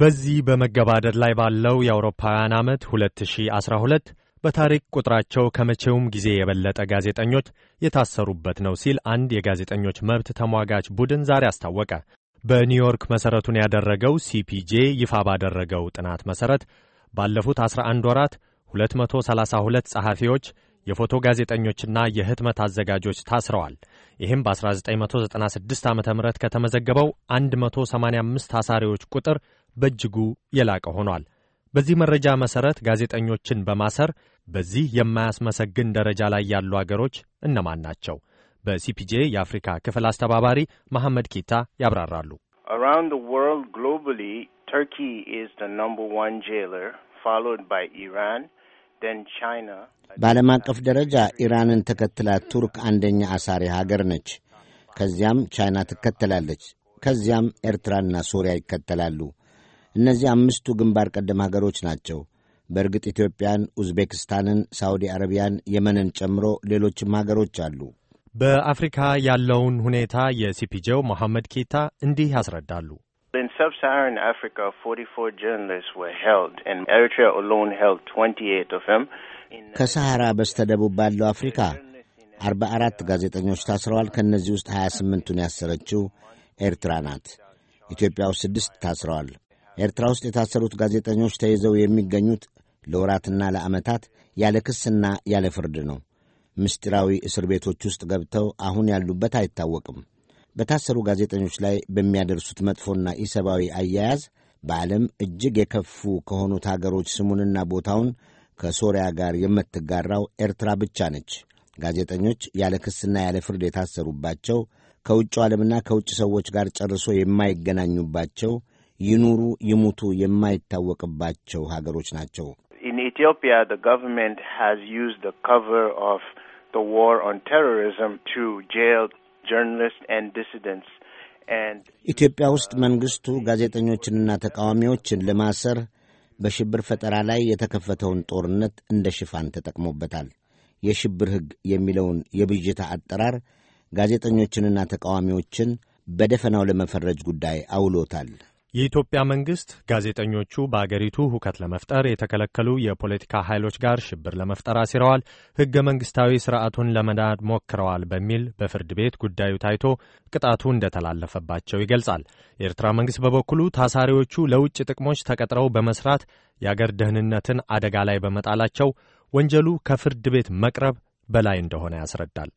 በዚህ በመገባደድ ላይ ባለው የአውሮፓውያን ዓመት 2012 በታሪክ ቁጥራቸው ከመቼውም ጊዜ የበለጠ ጋዜጠኞች የታሰሩበት ነው ሲል አንድ የጋዜጠኞች መብት ተሟጋች ቡድን ዛሬ አስታወቀ። በኒውዮርክ መሠረቱን ያደረገው ሲፒጄ ይፋ ባደረገው ጥናት መሠረት ባለፉት 11 ወራት 232 ጸሐፊዎች፣ የፎቶ ጋዜጠኞችና የህትመት አዘጋጆች ታስረዋል። ይህም በ1996 ዓ ም ከተመዘገበው 185 ታሳሪዎች ቁጥር በእጅጉ የላቀ ሆኗል። በዚህ መረጃ መሠረት ጋዜጠኞችን በማሰር በዚህ የማያስመሰግን ደረጃ ላይ ያሉ አገሮች እነማን ናቸው? በሲፒጄ የአፍሪካ ክፍል አስተባባሪ መሐመድ ኪታ ያብራራሉ። አራውንድ ወርልድ ግሎባሊ ኢዝ ዘ ነምበር ዋን ጄለር ፎሎድ ባይ ኢራን ደን ቻይና። በዓለም አቀፍ ደረጃ ኢራንን ተከትላ ቱርክ አንደኛ አሳሪ ሀገር ነች። ከዚያም ቻይና ትከተላለች። ከዚያም ኤርትራና ሶሪያ ይከተላሉ። እነዚህ አምስቱ ግንባር ቀደም ሀገሮች ናቸው። በእርግጥ ኢትዮጵያን፣ ኡዝቤክስታንን፣ ሳዑዲ አረቢያን፣ የመንን ጨምሮ ሌሎችም ሀገሮች አሉ። በአፍሪካ ያለውን ሁኔታ የሲፒጄው መሐመድ ኬታ እንዲህ ያስረዳሉ። ከሰሐራ በስተደቡብ ባለው አፍሪካ አርባ አራት ጋዜጠኞች ታስረዋል። ከእነዚህ ውስጥ ሀያ ስምንቱን ያሰረችው ኤርትራ ናት። ኢትዮጵያ ውስጥ ስድስት ታስረዋል። ኤርትራ ውስጥ የታሰሩት ጋዜጠኞች ተይዘው የሚገኙት ለወራትና ለዓመታት ያለ ክስና ያለ ፍርድ ነው። ምስጢራዊ እስር ቤቶች ውስጥ ገብተው አሁን ያሉበት አይታወቅም። በታሰሩ ጋዜጠኞች ላይ በሚያደርሱት መጥፎና ኢሰብአዊ አያያዝ በዓለም እጅግ የከፉ ከሆኑት አገሮች ስሙንና ቦታውን ከሶሪያ ጋር የምትጋራው ኤርትራ ብቻ ነች። ጋዜጠኞች ያለ ክስና ያለ ፍርድ የታሰሩባቸው ከውጭው ዓለምና ከውጭ ሰዎች ጋር ጨርሶ የማይገናኙባቸው ይኑሩ ይሙቱ የማይታወቅባቸው ሀገሮች ናቸው። ኢትዮጵያ ገቨርንመንት ሃዝ ዩዝድ ኦፍ ዘ ኦን ቴሮሪዝም ቱ ጄል ጆርናሊስት ኢትዮጵያ ውስጥ መንግሥቱ ጋዜጠኞችንና ተቃዋሚዎችን ለማሰር በሽብር ፈጠራ ላይ የተከፈተውን ጦርነት እንደ ሽፋን ተጠቅሞበታል። የሽብር ሕግ የሚለውን የብዥታ አጠራር ጋዜጠኞችንና ተቃዋሚዎችን በደፈናው ለመፈረጅ ጉዳይ አውሎታል። የኢትዮጵያ መንግስት ጋዜጠኞቹ በአገሪቱ ሁከት ለመፍጠር የተከለከሉ የፖለቲካ ኃይሎች ጋር ሽብር ለመፍጠር አሲረዋል፣ ህገ መንግስታዊ ስርዓቱን ለመናድ ሞክረዋል በሚል በፍርድ ቤት ጉዳዩ ታይቶ ቅጣቱ እንደተላለፈባቸው ይገልጻል። የኤርትራ መንግስት በበኩሉ ታሳሪዎቹ ለውጭ ጥቅሞች ተቀጥረው በመስራት የአገር ደህንነትን አደጋ ላይ በመጣላቸው ወንጀሉ ከፍርድ ቤት መቅረብ በላይ እንደሆነ ያስረዳል።